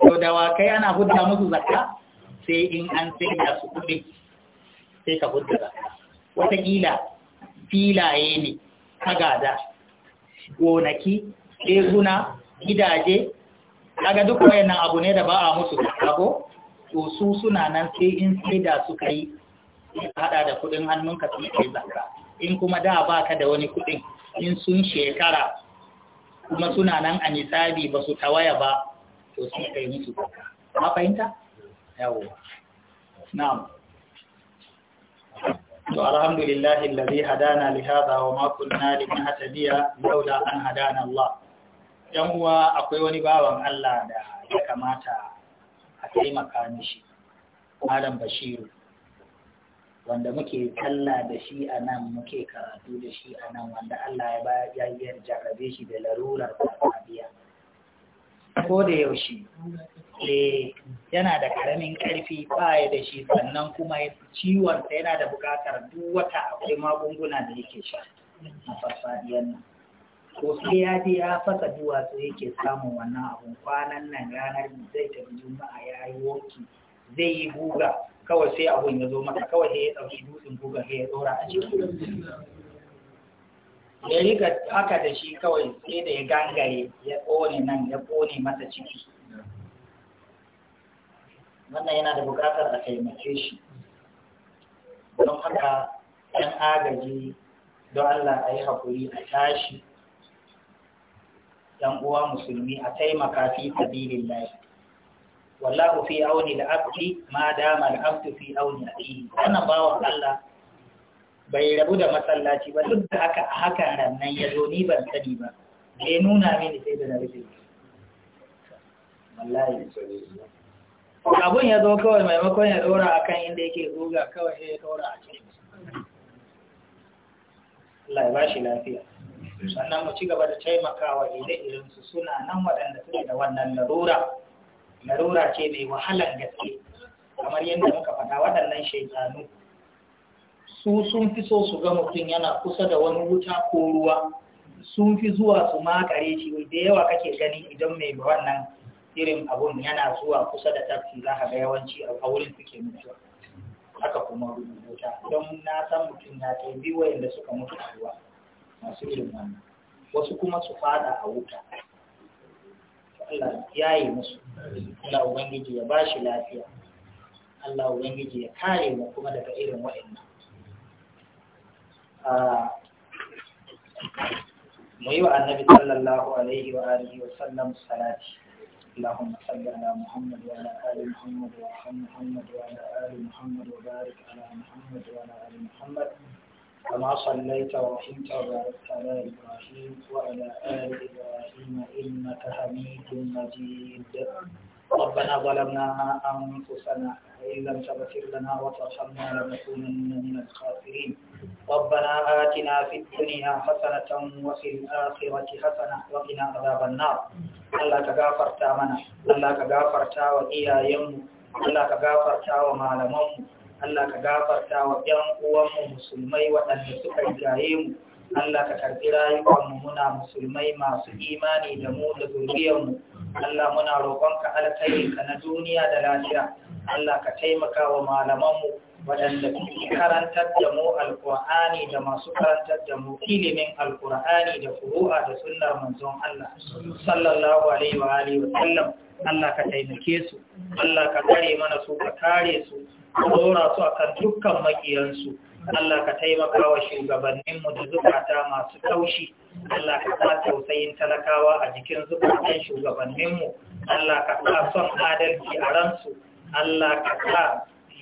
to kai ana hudda musu zakka sai in an sai da su kuɗi sai ka hudda zakka wataƙila filaye ne gada, gonaki ɗeguna gidaje kaga duk wayannan abu ne da ba a musu kago to su suna nan sai in sai da suka yi hada da kudin hannunka sun kai zakka in kuma da ba ka da wani kudin in sun shekara kuma suna nan a nisabi ba su tawaya ba to sai kai musu zakka ma fahimta yawo na'am to alhamdulillah alladhi hadana li hadha wa ma kunna linahtadiya laula an hadana Allah yan uwa akwai wani bawan Allah da ya kamata a taimaka mishi malam Bashiru wanda muke kalla da shi a nan muke karatu da shi a nan wanda Allah ya jarrabe shi da larurar biya? ko da yaushe eh, yana da karamin karfi baya da shi sannan kuma ciwon sa yana da buƙatar duk wata akwai magunguna da yake sha a farfadiyar nan ko sai ya je ya fasa duwatsu yake samun wannan abun kwanan nan ranar zai tafi juma'a ya yi woki, zai yi guga kawai sai abun ya zo mata kawai sai ya ɗauki dutsen guga sai ya ɗora a cikin ya riga haka da shi kawai sai da ya gangare ya ƙone nan ya ƙone masa ciki wannan yana da buƙatar a taimake shi don haka 'yan agaji don Allah a yi haƙuri a tashi ɗan uwa musulmi a taimaka fi sabilin layi wallahu fi auni da abdi ma dama da abdi fi auni a ɗi wannan bawa Allah bai rabu da masallaci ba duk da haka a hakan rannan ya zo ni ban sani ba bai nuna mini sai da na rufe wallahi abun ya zo kawai maimakon ya dora a kan inda yake goga kawai ya dora a cikin Allah ya ba shi lafiya sannan mu ci gaba da taimakawa ire su suna nan waɗanda suke da wannan larura larura ce mai wahalan gaske kamar yadda muka faɗa waɗannan shaitanu su sun fi so su ga mutum yana kusa da wani wuta ko ruwa sun fi zuwa su makare shi da yawa kake gani idan mai wannan irin abun yana zuwa kusa da tafki za ka ga yawanci a wurin suke mutuwa haka kuma rubuta don na san mutum ya kai biyu wayanda suka mutu a ruwa masu irin wannan wasu kuma su fada a wuta Allah ya yi musu Allah Ubangiji ya ba shi lafiya Allah Ubangiji ya kare mu kuma daga irin waɗannan mu yi wa annabi sallallahu alaihi wa alihi wa sallam salati اللهم صل على محمد وعلى ال محمد وعلى محمد وعلى ال محمد وبارك على محمد وعلى ال محمد كما صليت ورحمت وباركت على ابراهيم وعلى ال ابراهيم انك حميد مجيد ربنا ظلمنا أنفسنا وإن لم تغفر لنا وترحمنا لنكونن من الخاسرين ربنا آتنا في الدنيا حسنة وفي الآخرة حسنة وقنا عذاب النار الله كغفرت منا الله كغفرت وإيايم الله كغفرت ومعلمم Allah ka gafarta wa ‘yan uwanmu musulmai waɗanda suka rigaye mu, Allah ka karɓi rayuwanmu muna musulmai masu imani da mu da zuriyarmu. Allah muna roƙonka alkhairinka na duniya da lafiya Allah ka taimaka wa malamanmu waɗanda suke karantar da mu alƙur'ani da masu karantar da mu ilimin alƙur'ani da furu'a da sunna manzon Allah sallallahu alaihi wa alihi wa sallam Allah ka taimake su Allah ka kare mana su ka kare su ka dora su akan dukkan makiyansu Allah ka taimaka wa shugabanninmu da zukata masu taushi, Allah ka sa tausayin talakawa a jikin zukatan shugabanninmu, Allah ka sa son adalci a ransu, Allah ka sa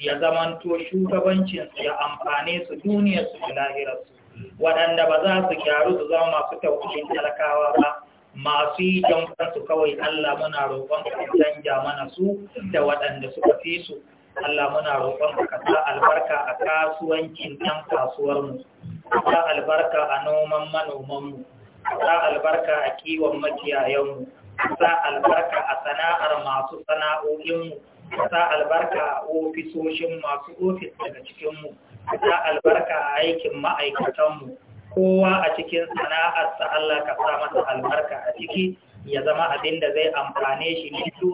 ya zamanto shugabancinsu ya amfane su duniyarsu da lahirarsu, waɗanda ba za su gyaru su zama masu tausayin talakawa ba. Masu yi don kansu kawai Allah muna roƙon ka canja mana su da waɗanda suka fi su Allah muna roƙon ka sa albarka a kasuwancin ɗan kasuwarmu, sa albarka a noman manomanmu, sa albarka a kiwon makiyayenmu, sa albarka a sana'ar masu sana'o'inmu, sa albarka a ofisoshin masu ofis daga cikinmu, sa albarka a aikin ma'aikatanmu, kowa a cikin sana'ar sana'arsa Allah ka sa masa albarka a ciki. ya zama abin da zai amfane shi ne su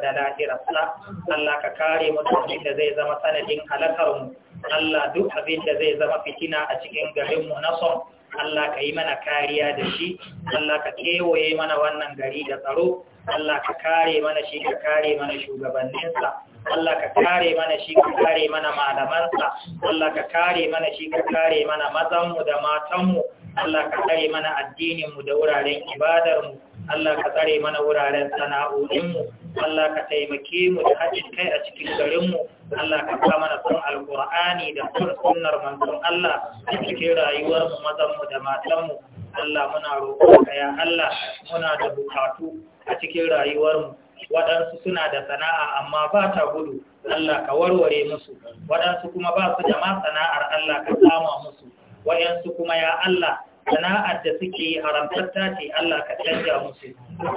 da lahirarsa Allah ka kare mu abin da zai zama sanadin halakarmu Allah duk abin da zai zama fitina a cikin garinmu na son Allah ka yi mana kariya da shi Allah ka kewaye mana wannan gari da tsaro Allah ka kare mana shi ka kare mana shugabanninsa Allah ka kare mana shi ka kare mana malamansa Allah ka kare mana shi ka kare mana mazanmu da matanmu Allah ka kare mana addininmu da wuraren ibadarmu Allah ka tsare mana wuraren sana'o'inmu Allah ka taimake mu da haɗin kai a cikin garinmu Allah ka sa mana son alƙur'ani da sunar manzon Allah a cikin rayuwarmu mazanmu da matanmu Allah muna roƙonka ya Allah muna da bukatu a cikin rayuwarmu waɗansu suna da sana'a amma ba ta gudu Allah ka warware musu waɗansu kuma ba su da ma sana'ar Allah ka kama musu waɗansu kuma ya Allah sana'ar da suke haramtatta ce Allah ka canja musu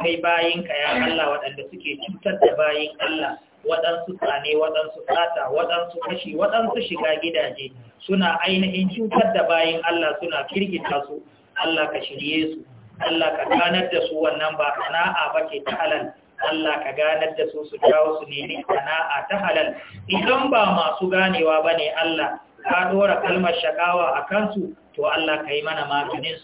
kai bayin ya Allah waɗanda suke cutar da bayin Allah waɗansu tsane waɗansu tsata waɗansu kashi waɗansu shiga gidaje suna ainihin cutar da bayin Allah suna kirkita su Allah ka shirye su Allah ka ganar da su wannan ba sana'a ba ke ta halal Allah ka ganar da su su jawo su ne sana'a ta halal idan ba masu ganewa ba ne Allah ka dora kalmar shakawa a kansu to Allah ka yi mana maganin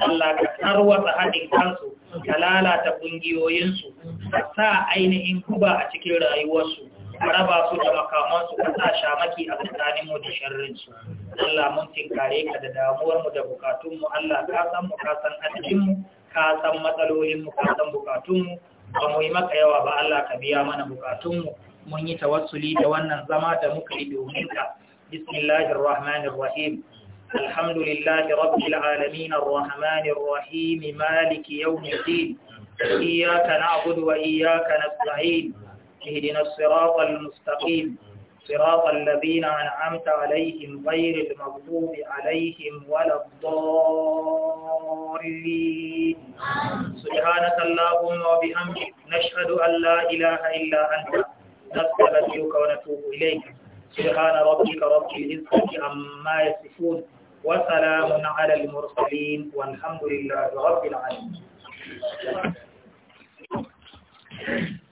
Allah ka tarwata haɗin kansu ka lalata ƙungiyoyinsu ka sa ainihin kuba a cikin rayuwarsu ka raba su da makamansu ka sa shamaki a mu da sharrinsu Allah mun tinkare ka da damuwar mu da bukatunmu Allah ka san mu ka san mu ka san matsalolinmu ka san bukatunmu ba mu yi maka yawa ba Allah ka biya mana bukatunmu mun yi tawassuli da wannan zama da muka yi domin ka بسم الله الرحمن الرحيم الحمد لله رب العالمين الرحمن الرحيم مالك يوم الدين إياك نعبد وإياك نستعين اهدنا الصراط المستقيم صراط الذين أنعمت عليهم غير المغضوب عليهم ولا الضالين سبحانك اللهم وبحمدك نشهد أن لا إله إلا أنت نستغفرك ونتوب إليك سبحان ربك رب العزة عما يصفون وسلام على المرسلين والحمد لله رب العالمين Thank you.